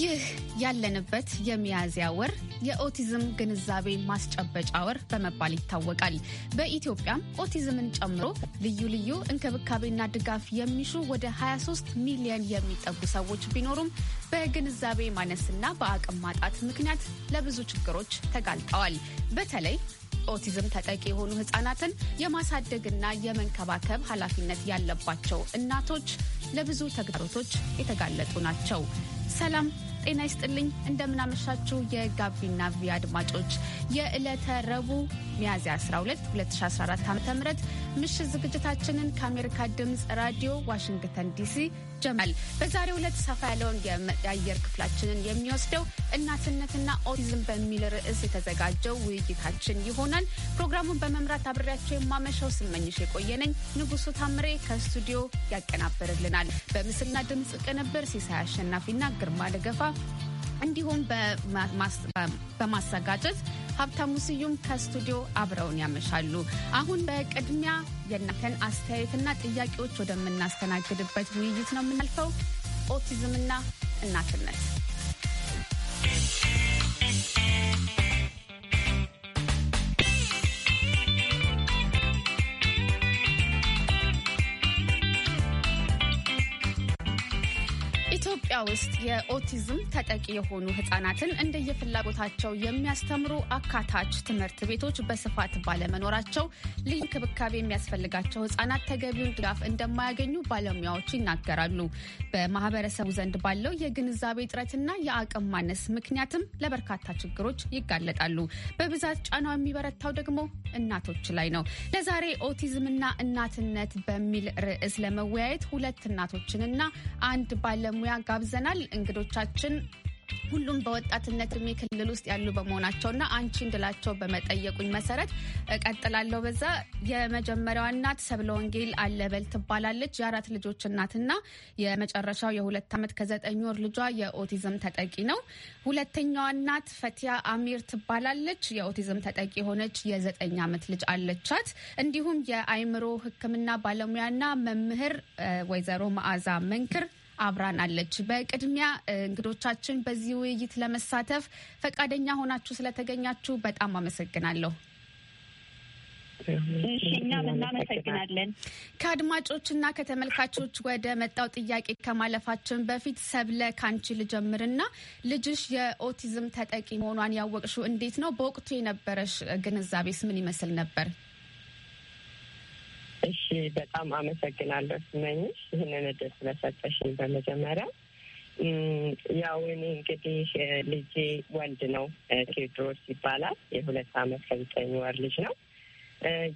ይህ ያለንበት የሚያዝያ ወር የኦቲዝም ግንዛቤ ማስጨበጫ ወር በመባል ይታወቃል። በኢትዮጵያም ኦቲዝምን ጨምሮ ልዩ ልዩ እንክብካቤና ድጋፍ የሚሹ ወደ 23 ሚሊዮን የሚጠጉ ሰዎች ቢኖሩም በግንዛቤ ማነስና በአቅም ማጣት ምክንያት ለብዙ ችግሮች ተጋልጠዋል። በተለይ ኦቲዝም ተጠቂ የሆኑ ህጻናትን የማሳደግና የመንከባከብ ኃላፊነት ያለባቸው እናቶች ለብዙ ተግዳሮቶች የተጋለጡ ናቸው። ሰላም ጤና ይስጥልኝ። እንደምናመሻችሁ የጋቢና ቪ አድማጮች የዕለተ ረቡዕ ሚያዝያ 12 2014 ዓ ም ምሽት ዝግጅታችንን ከአሜሪካ ድምፅ ራዲዮ ዋሽንግተን ዲሲ ጀመል በዛሬው ዕለት ሰፋ ያለውን የአየር ክፍላችንን የሚወስደው እናትነትና ኦቲዝም በሚል ርዕስ የተዘጋጀው ውይይታችን ይሆናል። ፕሮግራሙን በመምራት አብሬያቸው የማመሻው ስመኝሽ የቆየነኝ ንጉሱ ታምሬ ከስቱዲዮ ያቀናበርልናል። በምስልና ድምፅ ቅንብር ሲሳይ አሸናፊና ግርማ ደገፋ እንዲሁም በማሰጋጨት ሀብታሙ ስዩም ከስቱዲዮ አብረውን ያመሻሉ። አሁን በቅድሚያ የእናንተን አስተያየትና ጥያቄዎች ወደምናስተናግድበት ውይይት ነው የምናልፈው። ኦቲዝምና እናትነት ውስጥ የኦቲዝም ተጠቂ የሆኑ ህጻናትን እንደየፍላጎታቸው የሚያስተምሩ አካታች ትምህርት ቤቶች በስፋት ባለመኖራቸው ልዩ እንክብካቤ የሚያስፈልጋቸው ህጻናት ተገቢውን ድጋፍ እንደማያገኙ ባለሙያዎች ይናገራሉ። በማህበረሰቡ ዘንድ ባለው የግንዛቤ እጥረትና የአቅም ማነስ ምክንያትም ለበርካታ ችግሮች ይጋለጣሉ። በብዛት ጫናው የሚበረታው ደግሞ እናቶች ላይ ነው። ለዛሬ ኦቲዝምና እናትነት በሚል ርዕስ ለመወያየት ሁለት እናቶችንና አንድ ባለሙያ ጋብዘ ጋብዘናል። እንግዶቻችን ሁሉም በወጣትነት እድሜ ክልል ውስጥ ያሉ በመሆናቸውና አንቺ እንድላቸው በመጠየቁኝ መሰረት እቀጥላለሁ። በዛ የመጀመሪያዋ እናት ሰብለ ወንጌል አለበል ትባላለች። የአራት ልጆች እናትና የመጨረሻው የሁለት ዓመት ከዘጠኝ ወር ልጇ የኦቲዝም ተጠቂ ነው። ሁለተኛዋ እናት ፈቲያ አሚር ትባላለች። የኦቲዝም ተጠቂ የሆነች የዘጠኝ ዓመት ልጅ አለቻት። እንዲሁም የአይምሮ ሕክምና ባለሙያና መምህር ወይዘሮ መዓዛ መንክር አብራናለች። በቅድሚያ እንግዶቻችን በዚህ ውይይት ለመሳተፍ ፈቃደኛ ሆናችሁ ስለተገኛችሁ በጣም አመሰግናለሁ። እኛም እናመሰግናለን። ከአድማጮችና ከተመልካቾች ወደ መጣው ጥያቄ ከማለፋችን በፊት ሰብለ ካንቺ ልጀምርና ልጅሽ የኦቲዝም ተጠቂ መሆኗን ያወቅሽው እንዴት ነው? በወቅቱ የነበረሽ ግንዛቤስ ምን ይመስል ነበር? እሺ፣ በጣም አመሰግናለሁ ስመኝሽ ይህንን እድል ስለሰጠሽኝ። በመጀመሪያ ያው እኔ እንግዲህ ልጄ ወንድ ነው፣ ቴዎድሮስ ይባላል። የሁለት አመት ከዘጠኝ ወር ልጅ ነው።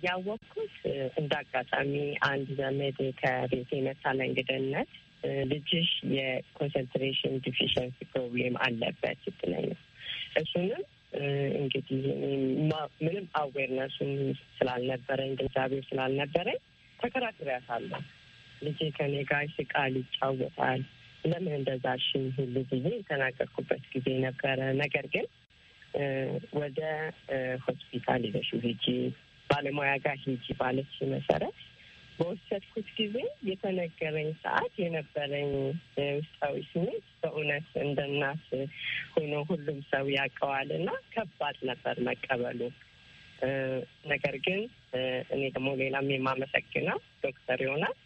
ያወቅኩት እንደ አጋጣሚ አንድ ዘመድ ከቤት የመጣ ለእንግድነት ልጅሽ የኮንሰንትሬሽን ዲፊሽንሲ ፕሮብሌም አለበት ስትለኝ ነው እሱንም እንግዲህ ምንም አዌርነሱን ስላልነበረኝ ግንዛቤው ስላልነበረኝ ተከራክሬያታለሁ። ልጄ ከኔ ጋር ይስቃል፣ ይጫወታል ለምን እንደዛ እሺ ሁሉ ጊዜ የተናገርኩበት ጊዜ ነበረ። ነገር ግን ወደ ሆስፒታል ይዘሽው ሂጂ፣ ባለሙያ ጋር ሂጂ ባለች መሰረት በወሰድኩት ጊዜ የተነገረኝ ሰዓት የነበረኝ ውስጣዊ ስሜት በእውነት እንደ እናት ሆኖ ሁሉም ሰው ያውቀዋል እና ከባድ ነበር መቀበሉ። ነገር ግን እኔ ደግሞ ሌላም የማመሰግነው ዶክተር ዮናስ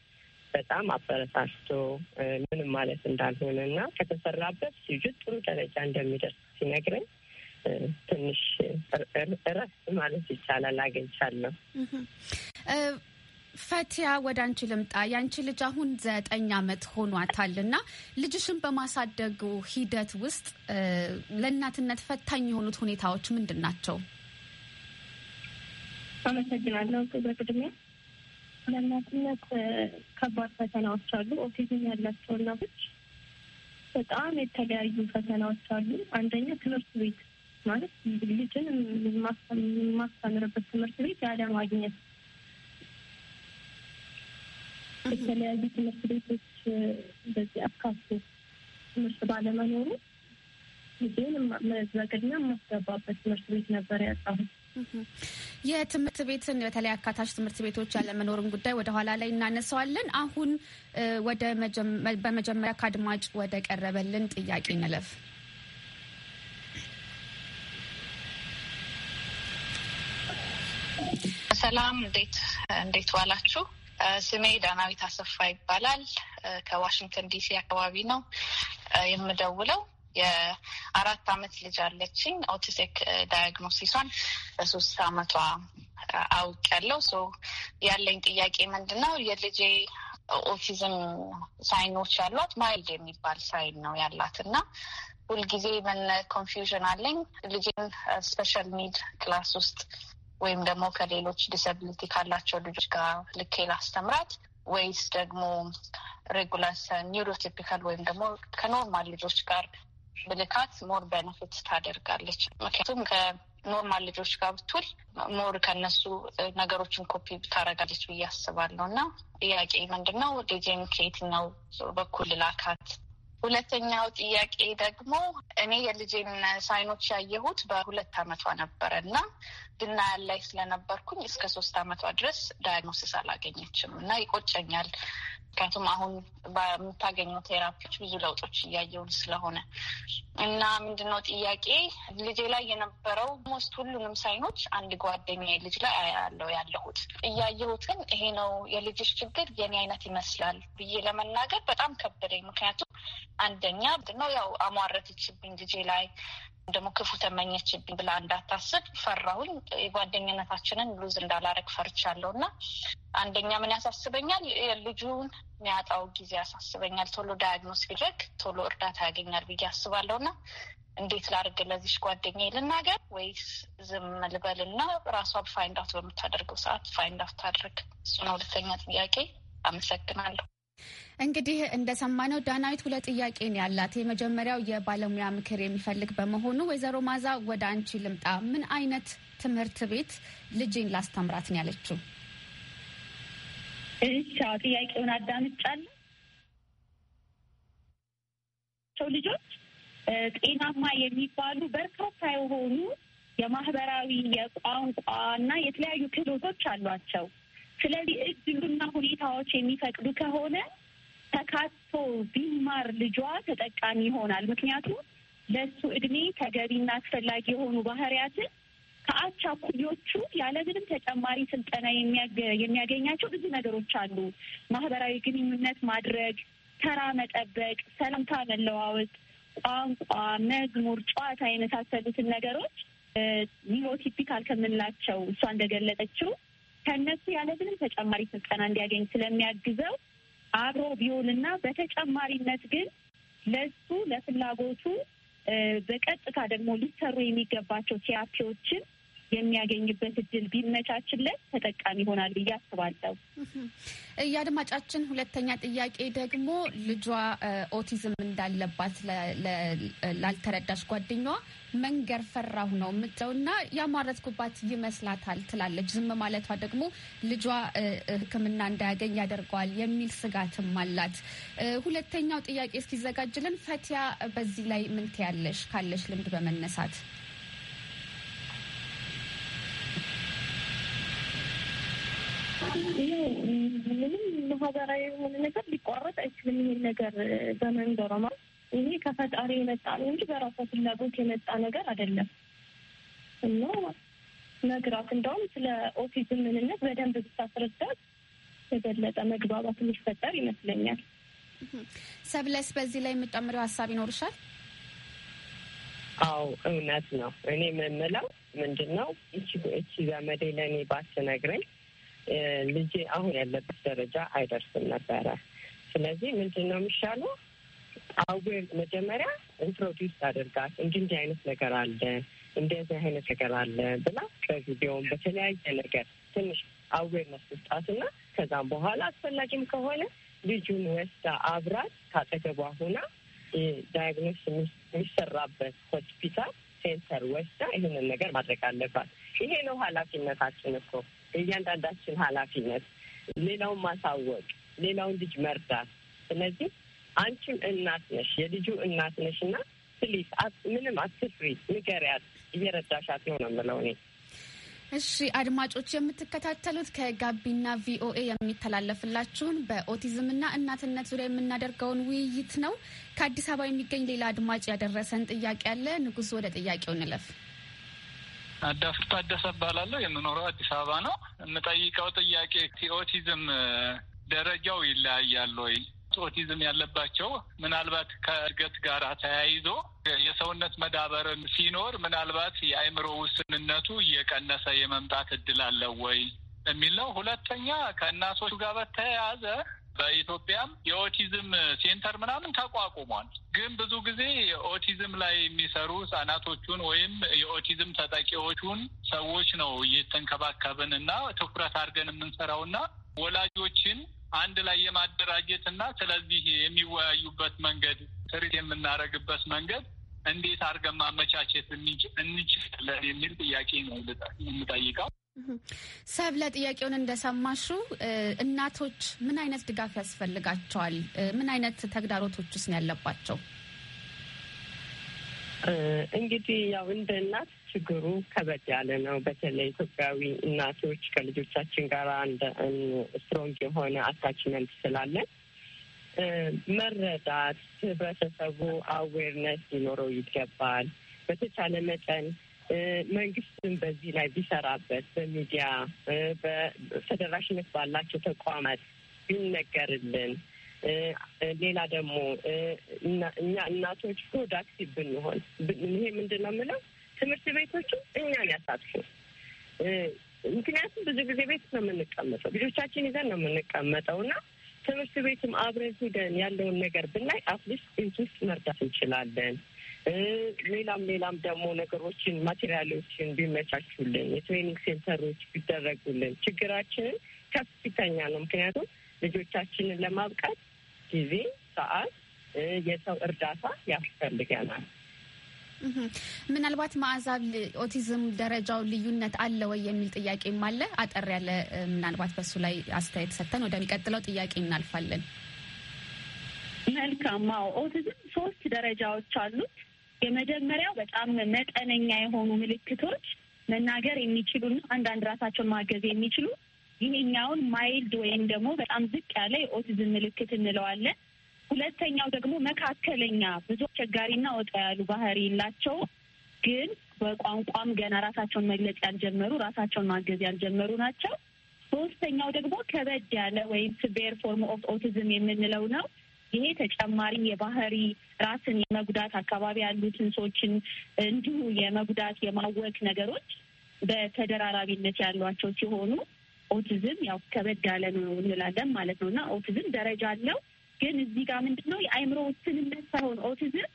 በጣም አበረታስቶ ምንም ማለት እንዳልሆነ እና ከተሰራበት ሲጁ ጥሩ ደረጃ እንደሚደርስ ሲነግረኝ ትንሽ እረፍት ማለት ይቻላል አግኝቻለሁ። ፈቲያ ወደ አንቺ ልምጣ። የአንቺ ልጅ አሁን ዘጠኝ ዓመት ሆኗታል እና ልጅሽን በማሳደጉ ሂደት ውስጥ ለእናትነት ፈታኝ የሆኑት ሁኔታዎች ምንድን ናቸው? አመሰግናለሁ። በቅድሚያ ለእናትነት ከባድ ፈተናዎች አሉ። ኦቲዝም ያላቸው እናቶች በጣም የተለያዩ ፈተናዎች አሉ። አንደኛ ትምህርት ቤት ማለት ልጅን የማስተምርበት ትምህርት ቤት ያለማግኘት የተለያዩ ትምህርት ቤቶች እንደዚህ አካቶ ትምህርት ባለመኖሩ ጊዜን በቅድሚያ የማስገባበት ትምህርት ቤት ነበር ያጣሁት። የትምህርት ቤትን በተለይ አካታች ትምህርት ቤቶች ያለመኖርን ጉዳይ ወደ ኋላ ላይ እናነሳዋለን። አሁን ወደ በመጀመሪያ ከአድማጭ ወደ ቀረበልን ጥያቄ እንለፍ። ሰላም፣ እንዴት እንዴት ዋላችሁ? ስሜ ዳናዊት አሰፋ ይባላል። ከዋሽንግተን ዲሲ አካባቢ ነው የምደውለው። የአራት አመት ልጅ አለችኝ። ኦቲስቲክ ዳያግኖሲሷን በሶስት አመቷ ያለው ሶ ያለኝ ጥያቄ ምንድን ነው የልጄ ኦቲዝም ሳይኖች ያሏት ማይልድ የሚባል ሳይን ነው ያላት እና ሁልጊዜ ምን ኮንፊውዥን አለኝ ልጅን ስፔሻል ኒድ ክላስ ውስጥ ወይም ደግሞ ከሌሎች ዲሰብሊቲ ካላቸው ልጆች ጋር ልኬ ላስተምራት ወይስ ደግሞ ሬጉላር ኒውሮቲፒካል ወይም ደግሞ ከኖርማል ልጆች ጋር ብልካት ሞር በነፊት ታደርጋለች። ምክንያቱም ከኖርማል ልጆች ጋር ብትውል ሞር ከነሱ ነገሮችን ኮፒ ታደርጋለች ብዬ አስባለሁ። እና ጥያቄ ምንድን ነው ዲዜን ከየትኛው በኩል ላካት ሁለተኛው ጥያቄ ደግሞ እኔ የልጄን ሳይኖች ያየሁት በሁለት አመቷ ነበረ እና ድናያን ላይ ስለነበርኩኝ እስከ ሶስት አመቷ ድረስ ዳያግኖሲስ አላገኘችም እና ይቆጨኛል። ምክንያቱም አሁን በምታገኘው ቴራፒዎች ብዙ ለውጦች እያየውን ስለሆነ እና ምንድነው ጥያቄ ልጄ ላይ የነበረው ሞስት ሁሉንም ሳይኖች አንድ ጓደኛ ልጅ ላይ አያለው ያለሁት እያየሁትን ይሄ ነው የልጆች ችግር የኔ አይነት ይመስላል ብዬ ለመናገር በጣም ከበደኝ። ምክንያቱም አንደኛ ነው ያው አሟረተችብኝ ልጄ ላይ ደግሞ ክፉ ተመኘችብኝ ብላ እንዳታስብ ፈራሁኝ። የጓደኝነታችንን ሉዝ እንዳላረግ ፈርቻለሁ እና አንደኛ ምን ያሳስበኛል? የልጁን የሚያጣው ጊዜ ያሳስበኛል። ቶሎ ዳያግኖስ ቢደረግ ቶሎ እርዳታ ያገኛል ብዬ አስባለሁ እና እንዴት ላርግ ለዚች ጓደኛ ልናገር ወይስ ዝም ልበል ልበልና ራሷ ፋይንድ አውት በምታደርገው ሰዓት ፋይንድ አውት ታድርግ? እሱ ነው ሁለተኛ ጥያቄ። አመሰግናለሁ። እንግዲህ እንደሰማነው ዳናዊት ሁለት ጥያቄ ያላት። የመጀመሪያው የባለሙያ ምክር የሚፈልግ በመሆኑ ወይዘሮ ማዛ ወደ አንቺ ልምጣ። ምን አይነት ትምህርት ቤት ልጅን ላስተምራት ነው ያለችው? እቻ ጥያቄውን አዳምጫለሁ። ልጆች ጤናማ የሚባሉ በርካታ የሆኑ የማህበራዊ የቋንቋ እና የተለያዩ ክህሎቶች አሏቸው። ስለዚህ እድሉና ሁኔታዎች የሚፈቅዱ ከሆነ ተካቶ ቢማር ልጇ ተጠቃሚ ይሆናል። ምክንያቱም ለእሱ እድሜ ተገቢና አስፈላጊ የሆኑ ባህሪያትን ከአቻ ኩዮቹ ያለምንም ተጨማሪ ስልጠና የሚያገኛቸው ብዙ ነገሮች አሉ። ማህበራዊ ግንኙነት ማድረግ፣ ተራ መጠበቅ፣ ሰላምታ መለዋወጥ፣ ቋንቋ፣ መዝሙር፣ ጨዋታ የመሳሰሉትን ነገሮች ኒሮቲፒካል ከምንላቸው እሷ እንደገለጠችው ከእነሱ ያለምንም ተጨማሪ ስልጠና እንዲያገኝ ስለሚያግዘው አብሮ ቢውልና በተጨማሪነት ግን ለሱ ለፍላጎቱ በቀጥታ ደግሞ ሊሰሩ የሚገባቸው ቲያፒዎችን የሚያገኝበት እድል ቢመቻችለት ተጠቃሚ ይሆናል ብዬ አስባለሁ። የአድማጫችን ሁለተኛ ጥያቄ ደግሞ ልጇ ኦቲዝም እንዳለባት ላልተረዳች ጓደኛዋ መንገር ፈራሁ ነው የምትለው እና ያማረትኩባት ይመስላታል ትላለች። ዝም ማለቷ ደግሞ ልጇ ሕክምና እንዳያገኝ ያደርገዋል የሚል ስጋትም አላት። ሁለተኛው ጥያቄ እስኪዘጋጅልን ፈቲያ፣ በዚህ ላይ ምን ትያለሽ? ካለሽ ልምድ በመነሳት ምንም ማህበራዊ የሆነ ነገር ሊቋረጥ አይችልም። ይሄን ነገር ይሄ ከፈጣሪ የመጣ ነው እንጂ በራሷ ፍላጎት የመጣ ነገር አይደለም እና መግራት እንደውም ስለ ኦቲዝም ምንነት በደንብ ብታስረዳት የበለጠ መግባባት የሚፈጠር ይመስለኛል። ሰብለስ በዚህ ላይ የምጨምረው ሀሳብ ይኖርሻል? አዎ እውነት ነው። እኔ የምምለው ምንድን ነው እቺ ዘመዴ ለእኔ ባትነግረኝ ልጄ አሁን ያለበት ደረጃ አይደርስም ነበረ። ስለዚህ ምንድን ነው የሚሻለው? አዌር መጀመሪያ ኢንትሮዲውስ አድርጋት እንዲህ እንዲህ አይነት ነገር አለ፣ እንደዚህ አይነት ነገር አለ ብላ በቪዲዮም በተለያየ ነገር ትንሽ መስጣት ስጣትና ከዛም በኋላ አስፈላጊም ከሆነ ልጁን ወስዳ አብራት ካጠገቧ ሁና ዳያግኖስ የሚሰራበት ሆስፒታል ሴንተር ወስዳ ይህንን ነገር ማድረግ አለባት። ይሄ ነው ኃላፊነታችን እኮ የእያንዳንዳችን ኃላፊነት ሌላውን ማሳወቅ፣ ሌላውን ልጅ መርዳት። ስለዚህ አንቺም እናት ነሽ፣ የልጁ እናት ነሽ እና ፕሊስ ምንም አትፍሪ፣ ንገሪያት፣ እየረዳሻት ነው ነው የምለው እኔ። እሺ አድማጮች የምትከታተሉት ከጋቢና ቪኦኤ የሚተላለፍላችሁን በኦቲዝምና እናትነት ዙሪያ የምናደርገውን ውይይት ነው። ከአዲስ አበባ የሚገኝ ሌላ አድማጭ ያደረሰን ጥያቄ አለ። ንጉሱ፣ ወደ ጥያቄው እንለፍ። አዳፍር ታደሰ እባላለሁ። የምኖረው አዲስ አበባ ነው። የምጠይቀው ጥያቄ ኦቲዝም ደረጃው ይለያያል ወይ? ኦቲዝም ያለባቸው ምናልባት ከእድገት ጋር ተያይዞ የሰውነት መዳበርን ሲኖር ምናልባት የአእምሮ ውስንነቱ እየቀነሰ የመምጣት እድል አለው ወይ የሚል ነው። ሁለተኛ ከእናቶቹ ጋር በተያያዘ በኢትዮጵያም የኦቲዝም ሴንተር ምናምን ተቋቁሟል። ግን ብዙ ጊዜ ኦቲዝም ላይ የሚሰሩ ህጻናቶቹን ወይም የኦቲዝም ተጠቂዎቹን ሰዎች ነው እየተንከባከብን እና ትኩረት አድርገን የምንሰራው እና ወላጆችን አንድ ላይ የማደራጀት እና ስለዚህ የሚወያዩበት መንገድ ትሪት የምናደርግበት መንገድ እንዴት አድርገን ማመቻቸት እንችላለን የሚል ጥያቄ ነው የምጠይቀው። ሰብለ ጥያቄውን እንደሰማሹ እናቶች ምን አይነት ድጋፍ ያስፈልጋቸዋል? ምን አይነት ተግዳሮቶች ውስጥ ያለባቸው? እንግዲህ ያው እንደ እናት ችግሩ ከበድ ያለ ነው። በተለይ ኢትዮጵያዊ እናቶች ከልጆቻችን ጋር እንደ ስትሮንግ የሆነ አታችመንት ስላለን መረዳት ህብረተሰቡ አዌርነስ ሊኖረው ይገባል። በተቻለ መጠን መንግስትም በዚህ ላይ ቢሰራበት በሚዲያ በተደራሽነት ባላቸው ተቋማት ቢነገርልን ሌላ ደግሞ እኛ እናቶች ፕሮዳክቲቭ ብንሆን ይሄ ምንድን ነው የምለው ትምህርት ቤቶቹ እኛን ያሳትፉ። ምክንያቱም ብዙ ጊዜ ቤት ነው የምንቀመጠው፣ ልጆቻችን ይዘን ነው የምንቀመጠው እና ትምህርት ቤትም አብረን ሂደን ያለውን ነገር ብናይ አትሊስት ቤት ውስጥ መርዳት እንችላለን። ሌላም ሌላም ደግሞ ነገሮችን ማቴሪያሎችን ቢመቻቹልን፣ የትሬኒንግ ሴንተሮች ቢደረጉልን ችግራችንን ከፍተኛ ነው። ምክንያቱም ልጆቻችንን ለማብቃት ጊዜ፣ ሰዓት፣ የሰው እርዳታ ያስፈልገናል። ምናልባት ማዕዛብ ኦቲዝም ደረጃው ልዩነት አለ ወይ የሚል ጥያቄም አለ። አጠር ያለ ምናልባት በሱ ላይ አስተያየት ሰጥተን ወደሚቀጥለው ጥያቄ እናልፋለን። መልካም። አዎ ኦቲዝም ሶስት ደረጃዎች አሉት። የመጀመሪያው በጣም መጠነኛ የሆኑ ምልክቶች መናገር የሚችሉና አንዳንድ ራሳቸውን ማገዝ የሚችሉ ይህኛውን ማይልድ ወይም ደግሞ በጣም ዝቅ ያለ የኦቲዝም ምልክት እንለዋለን። ሁለተኛው ደግሞ መካከለኛ ብዙ አስቸጋሪና ወጣ ያሉ ባህሪ የላቸው ግን በቋንቋም ገና ራሳቸውን መግለጽ ያልጀመሩ ራሳቸውን ማገዝ ያልጀመሩ ናቸው። ሶስተኛው ደግሞ ከበድ ያለ ወይም ስቤር ፎርም ኦፍ ኦቲዝም የምንለው ነው። ይሄ ተጨማሪ የባህሪ ራስን የመጉዳት አካባቢ ያሉትን ሰዎችን እንዲሁ የመጉዳት የማወቅ ነገሮች በተደራራቢነት ያሏቸው ሲሆኑ ኦቲዝም ያው ከበድ ያለ ነው እንላለን ማለት ነው እና ኦቲዝም ደረጃ አለው። ግን እዚህ ጋር ምንድን ነው የአእምሮ ውስንነት ሳይሆን ኦቲዝም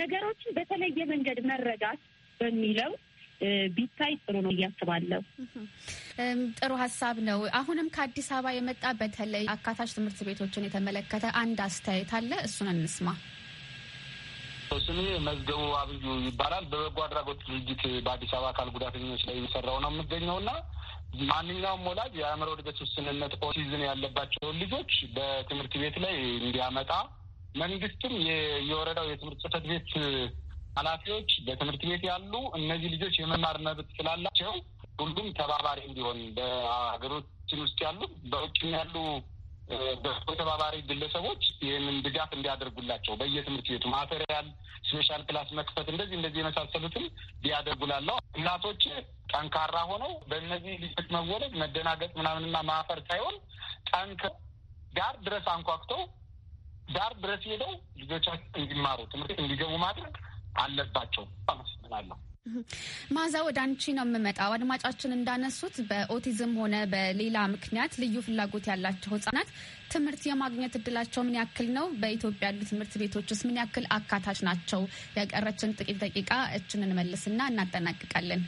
ነገሮችን በተለየ መንገድ መረዳት በሚለው ቢታይ ጥሩ ነው እያስባለሁ። ጥሩ ሀሳብ ነው። አሁንም ከአዲስ አበባ የመጣ በተለይ አካታች ትምህርት ቤቶችን የተመለከተ አንድ አስተያየት አለ። እሱን እንስማ። ስሜ መዝገቡ አብዩ ይባላል። በበጎ አድራጎት ድርጅት በአዲስ አበባ አካል ጉዳተኞች ላይ የሚሰራው ነው የምገኘው የምገኘውና ማንኛውም ወላጅ የአእምሮ እድገት ውስንነት ኦቲዝም ያለባቸውን ልጆች በትምህርት ቤት ላይ እንዲያመጣ መንግስትም የወረዳው የትምህርት ጽሕፈት ቤት ኃላፊዎች በትምህርት ቤት ያሉ እነዚህ ልጆች የመማር መብት ስላላቸው ሁሉም ተባባሪ እንዲሆን በሀገሮችን ውስጥ ያሉ በውጭም ያሉ በተባባሪ ግለሰቦች ይህንን ድጋፍ እንዲያደርጉላቸው በየትምህርት ቤቱ ማቴሪያል፣ ስፔሻል ክላስ መክፈት እንደዚህ እንደዚህ የመሳሰሉትን ቢያደርጉላለው እናቶች ጠንካራ ሆነው በእነዚህ ልጆች መወለድ መደናገጥ ምናምንና ማፈር ሳይሆን ጠንክ ዳር ድረስ አንኳክተው ዳር ድረስ ሄደው ልጆቻቸው እንዲማሩ ትምህርት እንዲገቡ ማድረግ አለባቸው። አመሰግናለሁ። ማዛ ወደ አንቺ ነው የምመጣው። አድማጫችን እንዳነሱት በኦቲዝም ሆነ በሌላ ምክንያት ልዩ ፍላጎት ያላቸው ህጻናት ትምህርት የማግኘት እድላቸው ምን ያክል ነው? በኢትዮጵያ ያሉ ትምህርት ቤቶች ውስጥ ምን ያክል አካታች ናቸው? የቀረችን ጥቂት ደቂቃ እችን እንመልስና እናጠናቅቃለን።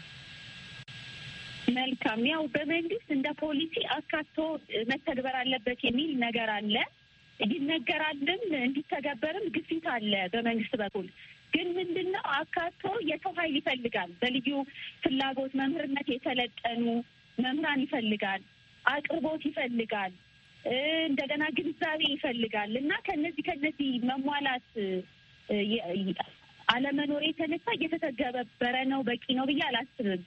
መልካም። ያው በመንግስት እንደ ፖሊሲ አካቶ መተግበር አለበት የሚል ነገር አለ። ይነገራልም እንዲተገበርም ግፊት አለ በመንግስት በኩል ግን ምንድን ነው አካቶ የሰው ኃይል ይፈልጋል። በልዩ ፍላጎት መምህርነት የተለጠኑ መምህራን ይፈልጋል። አቅርቦት ይፈልጋል። እንደገና ግንዛቤ ይፈልጋል እና ከነዚህ ከነዚህ መሟላት አለመኖር የተነሳ እየተተገበረ ነው በቂ ነው ብዬ አላስብም።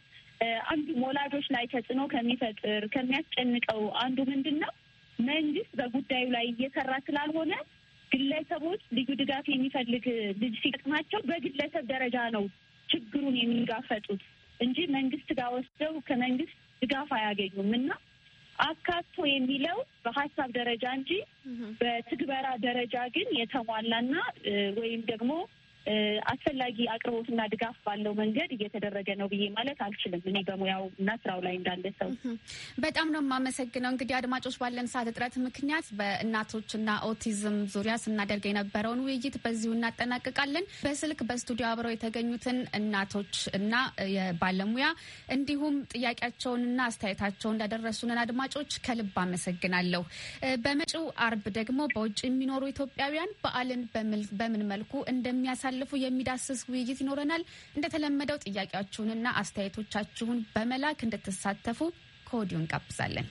አንዱ ወላጆች ላይ ተጽዕኖ ከሚፈጥር ከሚያስጨንቀው አንዱ ምንድን ነው መንግስት በጉዳዩ ላይ እየሰራ ስላልሆነ ግለሰቦች ልዩ ድጋፍ የሚፈልግ ልጅ ሲገጥማቸው በግለሰብ ደረጃ ነው ችግሩን የሚጋፈጡት እንጂ መንግስት ጋር ወስደው ከመንግስት ድጋፍ አያገኙም እና አካቶ የሚለው በሀሳብ ደረጃ እንጂ በትግበራ ደረጃ ግን የተሟላና ወይም ደግሞ አስፈላጊ አቅርቦትና ድጋፍ ባለው መንገድ እየተደረገ ነው ብዬ ማለት አልችልም። እኔ በሙያው እና ስራው ላይ እንዳለ ሰው በጣም ነው የማመሰግነው። እንግዲህ አድማጮች፣ ባለን ሰዓት እጥረት ምክንያት በእናቶችና ኦቲዝም ዙሪያ ስናደርግ የነበረውን ውይይት በዚሁ እናጠናቅቃለን። በስልክ በስቱዲዮ አብረው የተገኙትን እናቶች እና ባለሙያ እንዲሁም ጥያቄያቸውንና አስተያየታቸውን እንዳደረሱንን አድማጮች ከልብ አመሰግናለሁ። በመጪው አርብ ደግሞ በውጭ የሚኖሩ ኢትዮጵያውያን በዓልን በምን መልኩ እንደሚያሳ እንዲያሳልፉ የሚዳስስ ውይይት ይኖረናል። እንደተለመደው ጥያቄያችሁንና አስተያየቶቻችሁን በመላክ እንድትሳተፉ ከወዲሁ እንጋብዛለን።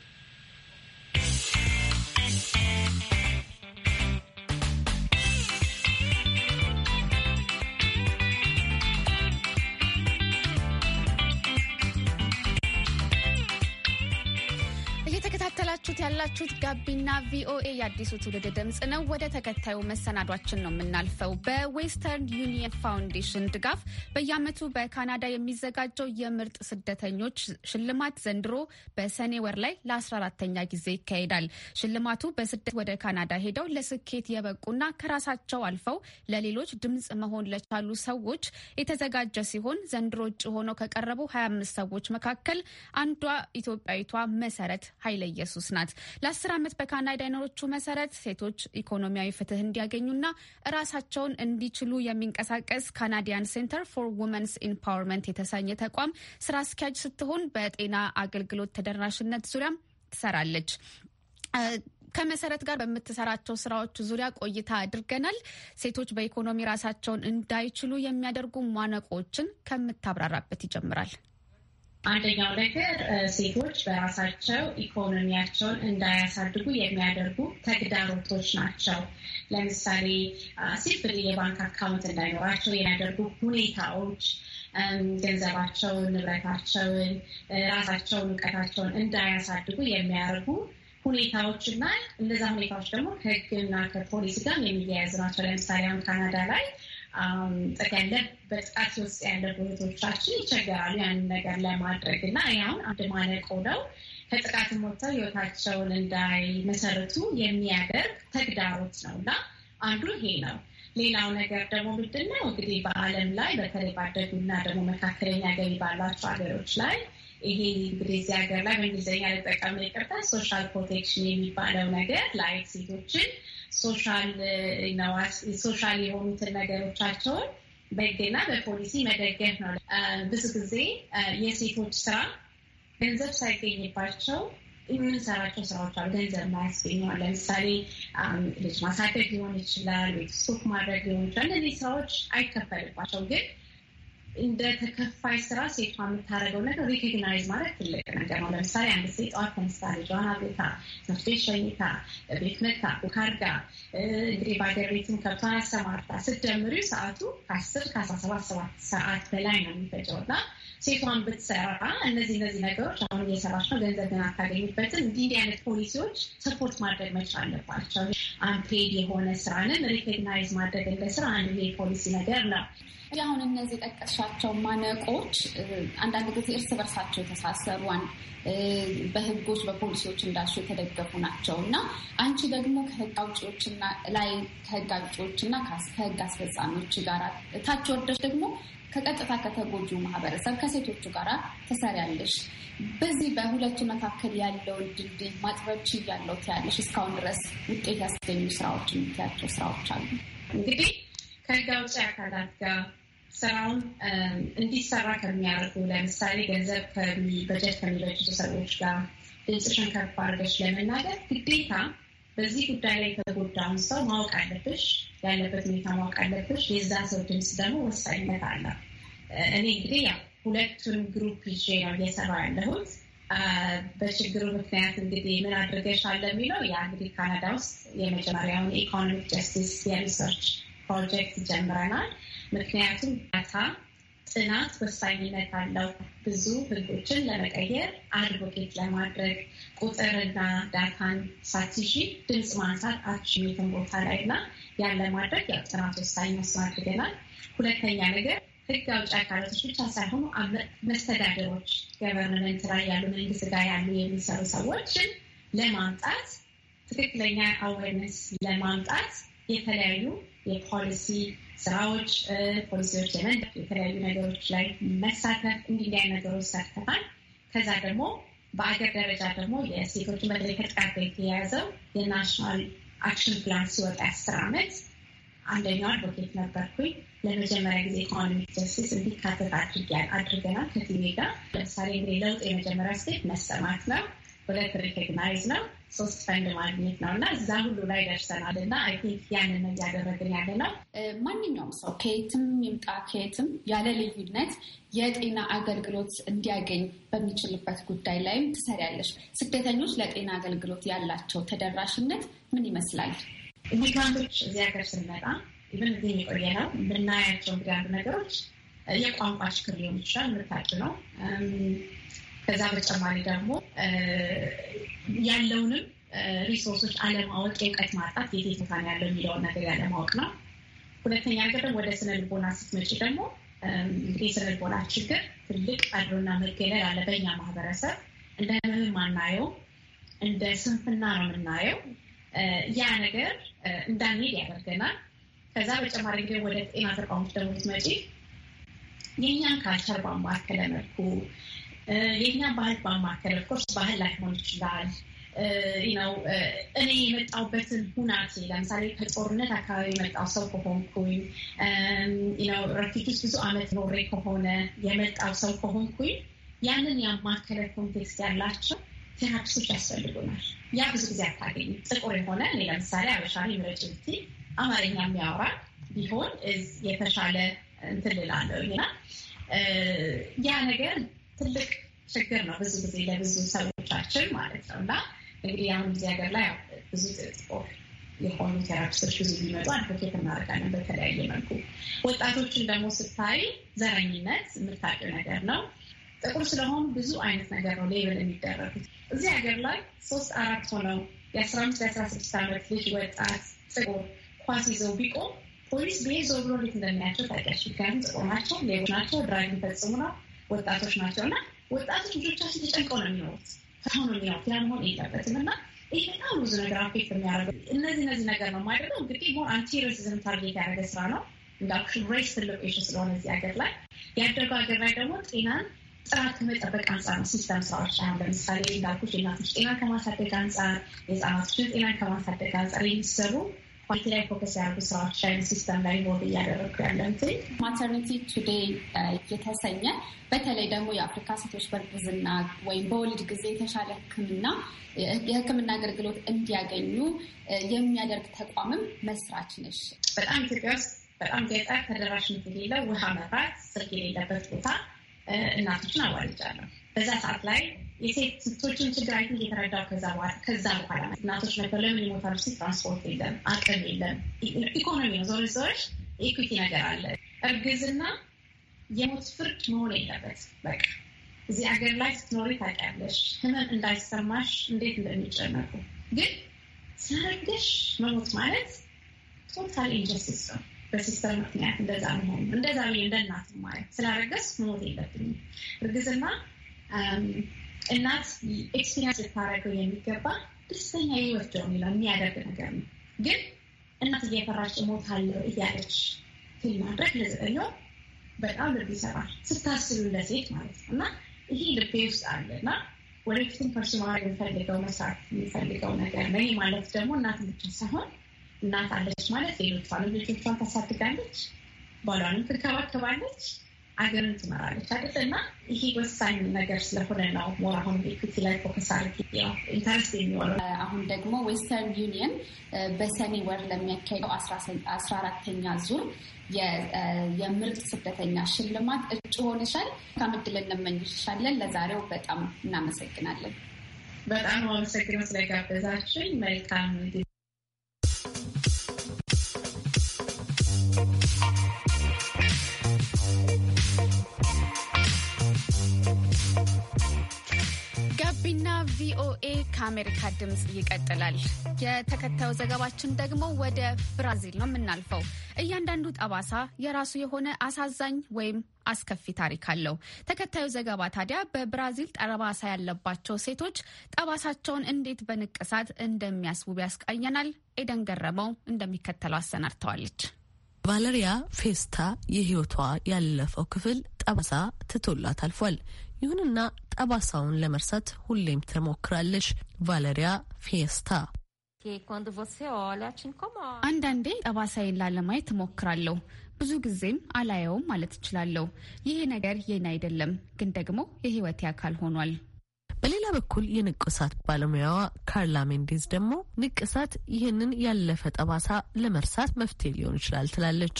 እያዳመጣችሁት ያላችሁት ጋቢና ቪኦኤ የአዲሱ ትውልድ ድምፅ ነው። ወደ ተከታዩ መሰናዷችን ነው የምናልፈው። በዌስተርን ዩኒየን ፋውንዴሽን ድጋፍ በየዓመቱ በካናዳ የሚዘጋጀው የምርጥ ስደተኞች ሽልማት ዘንድሮ በሰኔ ወር ላይ ለ14ተኛ ጊዜ ይካሄዳል። ሽልማቱ በስደት ወደ ካናዳ ሄደው ለስኬት የበቁና ከራሳቸው አልፈው ለሌሎች ድምፅ መሆን ለቻሉ ሰዎች የተዘጋጀ ሲሆን ዘንድሮ እጩ ሆነው ከቀረቡ 25 ሰዎች መካከል አንዷ ኢትዮጵያዊቷ መሰረት ኃይለ ኢየሱስ ናት። ናት። ለአስር ዓመት በካና ዳይነሮቹ መሰረት ሴቶች ኢኮኖሚያዊ ፍትህ እንዲያገኙና ራሳቸውን እንዲችሉ የሚንቀሳቀስ ካናዲያን ሴንተር ፎር ውመንስ ኢምፓወርመንት የተሰኘ ተቋም ስራ አስኪያጅ ስትሆን በጤና አገልግሎት ተደራሽነት ዙሪያም ትሰራለች። ከመሰረት ጋር በምትሰራቸው ስራዎች ዙሪያ ቆይታ አድርገናል። ሴቶች በኢኮኖሚ ራሳቸውን እንዳይችሉ የሚያደርጉ ማነቆዎችን ከምታብራራበት ይጀምራል። አንደኛው ነገር ሴቶች በራሳቸው ኢኮኖሚያቸውን እንዳያሳድጉ የሚያደርጉ ተግዳሮቶች ናቸው። ለምሳሌ ሲምፕል የባንክ አካውንት እንዳይኖራቸው የሚያደርጉ ሁኔታዎች ገንዘባቸውን፣ ንብረታቸውን፣ ራሳቸውን፣ እውቀታቸውን እንዳያሳድጉ የሚያደርጉ ሁኔታዎች እና እነዛ ሁኔታዎች ደግሞ ከሕግና ከፖሊሲ ጋር የሚያያዝ ናቸው። ለምሳሌ አሁን ካናዳ ላይ አሁን ያለ በጥቃት ውስጥ ያለ እህቶቻችን ይቸገራሉ ያንን ነገር ለማድረግ እና ያሁን አንድ ማነቆ ነው። ከጥቃት ወጥተው ህይወታቸውን እንዳይመሰርቱ የሚያደርግ ተግዳሮት ነው እና አንዱ ይሄ ነው። ሌላው ነገር ደግሞ ምንድን ነው እንግዲህ በዓለም ላይ በተለይ ባደጉ እና ደግሞ መካከለኛ ገቢ ባላቸው ሀገሮች ላይ ይሄ እንግዲህ እዚህ ሀገር ላይ በእንግሊዝኛ ልጠቀም ይቅርታ ሶሻል ፕሮቴክሽን የሚባለው ነገር ላይ ሴቶችን ሶሻል ሶሻል የሆኑትን ነገሮቻቸውን በህግና በፖሊሲ መደገፍ ነው። ብዙ ጊዜ የሴቶች ስራ ገንዘብ ሳይገኝባቸው የምንሰራቸው ስራዎች አሉ። ገንዘብ ማያስገኘዋል። ለምሳሌ ልጅ ማሳደግ ሊሆን ይችላል፣ ቤት ስቶክ ማድረግ ሊሆን ይችላል። እነዚህ ስራዎች አይከፈልባቸው ግን እንደ ተከፋይ ስራ ሴቷ የምታደርገው ነገር ሪኮግናይዝ ማለት ትልቅ ነገር ነው። ለምሳሌ አንድ ሴት ጠዋት ተነስታ ልጇን አብታ ትምህርት ቤት ሸኝታ ቤት መታ ካርጋ እንግዲህ በሀገር ቤትም ከብቷን አሰማርታ ስትጀምሪ ሰዓቱ ከአስር ከአስራ ሰባት ሰባት ሰዓት በላይ ነው የሚፈጨው እና ሴቷን ብትሰራ እነዚህ እነዚህ ነገሮች አሁን እየሰራች ነው፣ ገንዘብ ግን አታገኝበትም። እንዲህ እንዲህ አይነት ፖሊሲዎች ሰፖርት ማድረግ መቻል አለባቸው። አንፔድ የሆነ ስራንም ሪኮግናይዝ ማድረግ እንደ ስራ አንዱ የፖሊሲ ነገር ነው። አሁን እነዚህ የጠቀስሻቸው ማነቆች አንዳንድ ጊዜ እርስ በርሳቸው የተሳሰሩ በህጎች በፖሊሲዎች እንዳሹ የተደገፉ ናቸው እና አንቺ ደግሞ ከህግ አውጪዎችና ላይ ከህግ አውጪዎችና ከህግ አስፈጻሚዎች ጋር ታች ወርደሽ ደግሞ ከቀጥታ ከተጎጁ ማህበረሰብ ከሴቶቹ ጋር ትሰሪያለሽ። በዚህ በሁለቱ መካከል ያለውን ድልድይ ማጥበብ ችያለሁ ትያለሽ። እስካሁን ድረስ ውጤት ያስገኙ ስራዎች የምትያቸው ስራዎች አሉ? እንግዲህ ከጋብቻ አካላት ጋር ስራውን እንዲሰራ ከሚያደርጉ ለምሳሌ ገንዘብ በጀት ከሚበጅቱ ሰዎች ጋር ድምፅሽን ከፍ አድርገሽ ለመናገር ግዴታ በዚህ ጉዳይ ላይ የተጎዳውን ሰው ማወቅ አለብሽ፣ ያለበት ሁኔታ ማወቅ አለብሽ። የዛ ሰው ድምፅ ደግሞ ወሳኝነት አለ። እኔ እንግዲህ ያው ሁለቱን ግሩፕ ይዤ ነው እየሰራ ያለሁት። በችግሩ ምክንያት እንግዲህ ምን አድርገሻል የሚለው ያ እንግዲህ ካናዳ ውስጥ የመጀመሪያውን የኢኮኖሚክ ጀስቲስ የሪሰርች ፕሮጀክት ጀምረናል። ምክንያቱም ዳታ ጥናት ወሳኝነት አለው። ብዙ ህጎችን ለመቀየር አድቮኬት ለማድረግ ቁጥርና ዳታን ሳትሺ ድምፅ ማንሳት አችሚትን ቦታ ላይ እና ያን ለማድረግ ያው ጥናት ወሳኝ መስሎ አድርገናል። ሁለተኛ ነገር ህግ አውጭ አካላቶች ብቻ ሳይሆኑ መስተዳደሮች፣ ገቨርንመንት ላይ ያሉ፣ መንግስት ጋር ያሉ የሚሰሩ ሰዎችን ለማምጣት ትክክለኛ አዌርነስ ለማምጣት የተለያዩ የፖሊሲ ስራዎች፣ ፖሊሲዎች ዘመን የተለያዩ ነገሮች ላይ መሳተፍ እንዲያ ነገሮች ሳተፋል። ከዛ ደግሞ በአገር ደረጃ ደግሞ የሴቶችን በተለይ ከጥቃት ጋር የተያያዘው የናሽናል አክሽን ፕላን ሲወጣ አስር ዓመት አንደኛው አድቮኬት ነበርኩኝ። ለመጀመሪያ ጊዜ ኢኮኖሚክ ጀስቲስ እንዲካተት አድርገናል ከቲሜ ጋር። ለምሳሌ እንግዲህ ለውጥ የመጀመሪያ ስቴት መሰማት ነው። ሁለት ሪኮግናይዝ ነው፣ ሶስት ፈንድ ማግኘት ነው እና እዛ ሁሉ ላይ ደርሰናል እና አይ ቲንክ ያንን እያደረግን ያለ ነው። ማንኛውም ሰው ከየትም ይምጣ ከየትም ያለ ልዩነት የጤና አገልግሎት እንዲያገኝ በሚችልበት ጉዳይ ላይ ትሰሪያለሽ። ስደተኞች ለጤና አገልግሎት ያላቸው ተደራሽነት ምን ይመስላል? ሚግራንቶች እዚህ ሀገር ስንመጣ ኢቨን እዚህ የቆየ ነው የምናያቸው እንግዲህ አንዱ ነገሮች የቋንቋ ችግር ሊሆን ይችላል። ምታቂ ነው ከዛ በተጨማሪ ደግሞ ያለውንም ሪሶርሶች አለማወቅ የእውቀት ማጣት የት ቦታ ያለው የሚለውን ነገር ያለማወቅ ነው። ሁለተኛ ነገር ደግሞ ወደ ስነ ልቦና ስትመጪ ደግሞ እንግዲህ የስነ ልቦና ችግር ትልቅ አድሮና መገለል አለ። በኛ ማህበረሰብ እንደ ምንም ማናየው እንደ ስንፍና ነው የምናየው። ያ ነገር እንዳንሄድ ያደርገናል። ከዛ በተጨማሪ ጊዜ ወደ ጤና ተቋሞች ደግሞ ስትመጪ የእኛን ካልቸር ባማከለ መልኩ Eh, የኛ ባህል ባማከል ኦፍኮርስ ባህል ላይሆን ይችላል ነው። eh, eh, እኔ የመጣውበትን ሁናቴ ለምሳሌ ከጦርነት አካባቢ የመጣው ሰው ከሆንኩኝ ነው um, ረፊት ብዙ አመት ኖሬ ከሆነ የመጣው ሰው ከሆንኩኝ ያንን ያማከለ ኮንቴክስት ያላቸው ቴራፒሶች ያስፈልጉናል። ያ ብዙ ጊዜ አታገኝ። ጥቁር የሆነ እኔ ለምሳሌ አበሻ ምረጭ አማርኛ የሚያወራ ቢሆን የተሻለ እንትን እላለሁ ያ ነገር ትልቅ ችግር ነው ብዙ ጊዜ ለብዙ ሰዎቻችን ማለት ነው። እና እንግዲህ አሁን እዚህ ሀገር ላይ ብዙ ጥቆር የሆኑ ቴራፒስቶች ብዙ ቢመጡ አድቮኬት እናደርጋለን በተለያየ መልኩ። ወጣቶችን ደግሞ ስታይ ዘረኝነት የምታውቂው ነገር ነው። ጥቁር ስለሆኑ ብዙ አይነት ነገር ነው ሌብል የሚደረጉት። እዚህ ሀገር ላይ ሶስት አራት ሆነው የአስራ አምስት የአስራ ስድስት ዓመት ልጅ ወጣት ጥቁር ኳስ ይዘው ቢቆም ፖሊስ ብሄ ዞር ብሎ እንዴት እንደሚያቸው ታውቂያለሽ። ምክንያቱም ጥቁር ናቸው፣ ሌቦች ናቸው፣ ድራግ የሚፈጽሙ ነው ወጣቶች ናቸው እና ወጣቶች ልጆቻችን ተጨንቀው ነው የሚኖሩት። ከአሁኑ ነው የሚኖሩት። ያ መሆን የለበትም እና ይህ በጣም ብዙ ነገር አፌክት የሚያደርገው እነዚህ እነዚህ ነገር ነው ማድረገው። እንግዲህ ሞር አንቲሬሲዝም ታርጌት ያደረገ ስራ ነው እንዳልኩሽ። ሬስ ትልቅ ኢሹ ስለሆነ እዚህ ሀገር ላይ ያደገው ሀገር ላይ ደግሞ ጤናን ጥራት ከመጠበቅ አንጻር ነው ሲስተም ስራዎች። አሁን ለምሳሌ እንዳልኩሽ የእናቶች ጤናን ከማሳደግ አንጻር፣ የህፃናቶችን ጤናን ከማሳደግ አንጻር የሚሰሩ ፓርቲ ላይ ፎከስ ያደርጉ ስራዎች ላይ ሲስተም ላይ ሆ እያደረጉ ያለንት ማተርኒቲ ቱዴይ የተሰኘ በተለይ ደግሞ የአፍሪካ ሴቶች በእርግዝና ወይም በወልድ ጊዜ የተሻለ ሕክምና የሕክምና አገልግሎት እንዲያገኙ eh, የሚያደርግ ተቋምም መስራች ነሽ። በጣም ኢትዮጵያ ውስጥ በጣም ገጠር ተደራሽነት የሌለው ውሃ፣ መብራት፣ ስልክ የሌለበት ቦታ eh, እናቶችን አዋልጃለሁ በዛ ሰዓት ላይ የሴቶችን ችግር አይ እየተረዳው ከዛ በኋላ እናቶች ነበር ለምን ይሞታሉ ሲል ትራንስፖርት የለም፣ አቅም የለም፣ ኢኮኖሚ ነው። ዞር ዞሮች ኢኩቲ ነገር አለ። እርግዝና የሞት ፍርድ መሆን የለበት። በቃ እዚህ ሀገር ላይ ስትኖሪ ታውቂያለሽ፣ ህመም እንዳይሰማሽ እንዴት እንደሚጨነቁ። ግን ሲያረግሽ መሞት ማለት ቶታል ኢንጀስቲስ ነው። በሲስተም ምክንያት እንደዛ መሆኑ እንደዛ እንደ እናት ማለት ስላረገዝኩ መሞት የለብኝም እርግዝና um, እናት ኤክስፒሪንስ ልታደርገው የሚገባ ደስተኛ ህይወት ነው የሚለው የሚያደርግ ነገር ነው። ግን እናት እየፈራች እሞታለሁ እያለች ፊልም ማድረግ ለዘጠኛው በጣም ልብ ይሰራል ስታስሉ ለሴት ማለት ነው እና ይሄ ልቤ ውስጥ አለ እና ወደፊትም ፐርሶናል የሚፈልገው መስራት የሚፈልገው ነገር ነው። ይህ ማለት ደግሞ እናት ብቻ ሳይሆን እናት አለች ማለት ሌሎቿንም ልጆቿን ታሳድጋለች፣ ባሏንም ትንከባከባለች አገርን ትመራለች አይደል? እና ይሄ ወሳኝ ነገር ስለሆነ ነው ሞር አሁን ኢኩቲ ላይ ፎከስ አድርጌ ኢንተረስት የሚሆነው። አሁን ደግሞ ዌስተርን ዩኒየን uh, በሰኔ ወር ለሚያካሄደው አስራ አራተኛ ዙር uh, የምርጥ ስደተኛ ሽልማት እጩ ሆነሻል። ከምድል እንመኝሻለን። ለዛሬው በጣም እናመሰግናለን። በጣም አመሰግነው ስለጋበዛችን። መልካም ከአሜሪካ ድምፅ ይቀጥላል። የተከታዩ ዘገባችን ደግሞ ወደ ብራዚል ነው የምናልፈው። እያንዳንዱ ጠባሳ የራሱ የሆነ አሳዛኝ ወይም አስከፊ ታሪክ አለው። ተከታዩ ዘገባ ታዲያ በብራዚል ጠባሳ ያለባቸው ሴቶች ጠባሳቸውን እንዴት በንቅሳት እንደሚያስውብ ያስቃየናል። ኤደን ገረመው እንደሚከተለው አሰናድተዋለች። ቫለሪያ ፌስታ የህይወቷ ያለፈው ክፍል ጠባሳ ትቶላት አልፏል። ይሁንና ጠባሳውን ለመርሳት ሁሌም ትሞክራለች። ቫለሪያ ፌስታ አንዳንዴ ጠባሳዬን ላለማየት ትሞክራለሁ። ብዙ ጊዜም አላየውም ማለት እችላለሁ። ይሄ ነገር የኔ አይደለም፣ ግን ደግሞ የህይወቴ አካል ሆኗል። በሌላ በኩል የንቅሳት ባለሙያዋ ካርላ ሜንዴዝ ደግሞ ንቅሳት ይህንን ያለፈ ጠባሳ ለመርሳት መፍትሄ ሊሆን ይችላል ትላለች።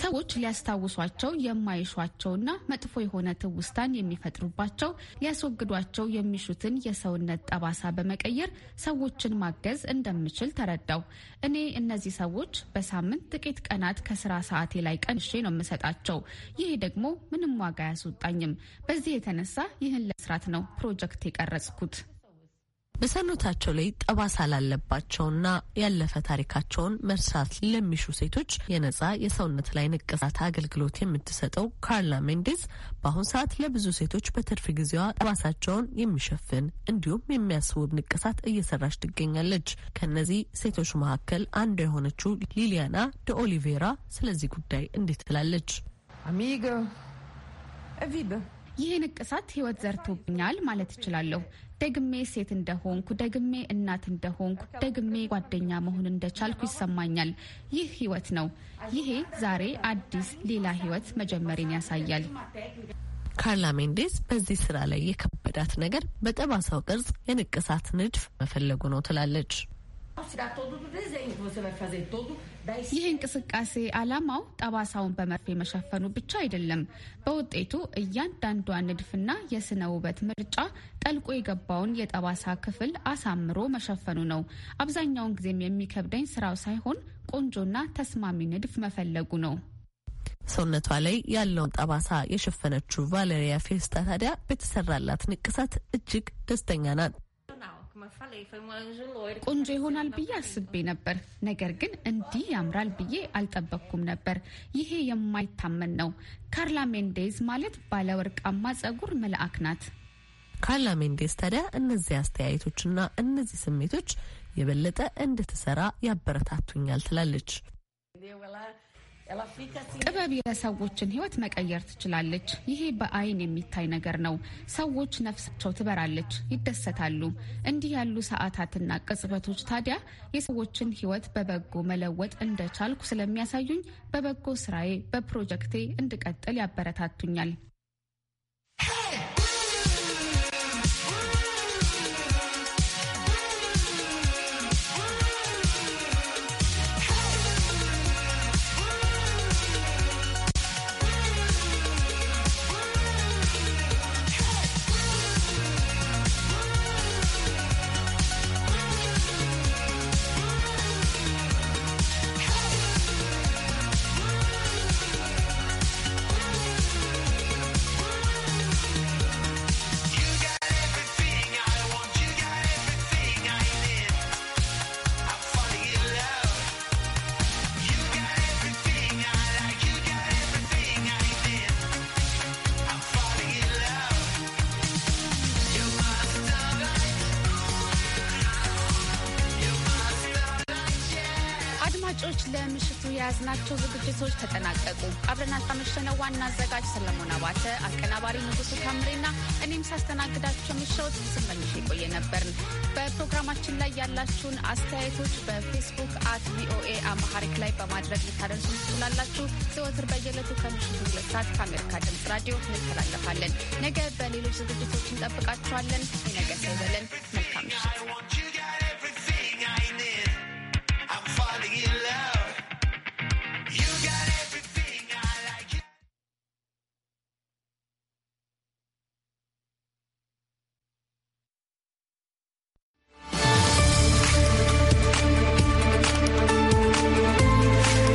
ሰዎች ሊያስታውሷቸው የማይሿቸውና መጥፎ የሆነ ትውስታን የሚፈጥሩባቸው ሊያስወግዷቸው የሚሹትን የሰውነት ጠባሳ በመቀየር ሰዎችን ማገዝ እንደምችል ተረዳው። እኔ እነዚህ ሰዎች በሳምንት ጥቂት ቀናት ከስራ ሰዓቴ ላይ ቀንሼ ነው የምሰጣቸው። ይሄ ደግሞ ምንም ዋጋ አያስወጣኝም። በዚህ የተነሳ ይህን ለስራት ነው ፕሮጀክት የቀረጽኩት። በሰሎታቸው ላይ ጠባሳ ላለባቸውና ያለፈ ታሪካቸውን መርሳት ለሚሹ ሴቶች የነጻ የሰውነት ላይ ንቅሳት አገልግሎት የምትሰጠው ካርላ ሜንዴዝ በአሁኑ ሰዓት ለብዙ ሴቶች በትርፍ ጊዜዋ ጠባሳቸውን የሚሸፍን እንዲሁም የሚያስውብ ንቅሳት እየሰራች ትገኛለች። ከነዚህ ሴቶች መካከል አንዷ የሆነችው ሊሊያና ደ ኦሊቬራ ስለዚህ ጉዳይ እንዴት ትላለች? አሚጋ ይህ ንቅሳት ህይወት ዘርቶብኛል ማለት እችላለሁ። ደግሜ ሴት እንደሆንኩ፣ ደግሜ እናት እንደሆንኩ፣ ደግሜ ጓደኛ መሆን እንደቻልኩ ይሰማኛል። ይህ ህይወት ነው። ይሄ ዛሬ አዲስ ሌላ ህይወት መጀመሪን ያሳያል። ካርላ ሜንዴዝ በዚህ ስራ ላይ የከበዳት ነገር በጠባሳው ቅርጽ የንቅሳት ንድፍ መፈለጉ ነው ትላለች። ይህ እንቅስቃሴ ዓላማው ጠባሳውን በመርፌ መሸፈኑ ብቻ አይደለም። በውጤቱ እያንዳንዷ ንድፍና የስነ ውበት ምርጫ ጠልቆ የገባውን የጠባሳ ክፍል አሳምሮ መሸፈኑ ነው። አብዛኛውን ጊዜም የሚከብደኝ ስራው ሳይሆን ቆንጆና ተስማሚ ንድፍ መፈለጉ ነው። ሰውነቷ ላይ ያለውን ጠባሳ የሸፈነችው ቫሌሪያ ፌስታ ታዲያ በተሰራላት ንቅሳት እጅግ ደስተኛ ናት። Um ቆንጆ ይሆናል ብዬ አስቤ ነበር። ነገር ግን እንዲህ ያምራል ብዬ አልጠበቅኩም ነበር። ይሄ የማይታመን ነው። ካርላ ሜንዴዝ ማለት ባለ ወርቃማ ጸጉር መልአክ ናት። ካርላ ሜንዴዝ ታዲያ እነዚህ አስተያየቶችና እነዚህ ስሜቶች የበለጠ እንድትሰራ ያበረታቱኛል ትላለች። ጥበብ የሰዎችን ህይወት መቀየር ትችላለች። ይሄ በአይን የሚታይ ነገር ነው። ሰዎች ነፍሳቸው ትበራለች፣ ይደሰታሉ። እንዲህ ያሉ ሰዓታትና ቅጽበቶች ታዲያ የሰዎችን ህይወት በበጎ መለወጥ እንደቻልኩ ስለሚያሳዩኝ በበጎ ስራዬ፣ በፕሮጀክቴ እንድቀጥል ያበረታቱኛል። አድማጮች ለምሽቱ የያዝናቸው ዝግጅቶች ተጠናቀቁ። አብረን ያመሸነው ዋና አዘጋጅ ሰለሞን አባተ፣ አቀናባሪ ንጉሱ ታምሬና እኔም ሳስተናግዳቸው ምሽት ስመኝሽ የቆየ ነበርን። በፕሮግራማችን ላይ ያላችሁን አስተያየቶች በፌስቡክ አት ቪኦኤ አማሐሪክ ላይ በማድረግ ልታደርሱ ትችላላችሁ። ዘወትር በየዕለቱ ከምሽቱ ሁለት ሰዓት ከአሜሪካ ድምጽ ራዲዮ እንተላለፋለን። ነገ በሌሎች ዝግጅቶች እንጠብቃችኋለን። ነገ ሰው በለን። መልካም ምሽት። your love.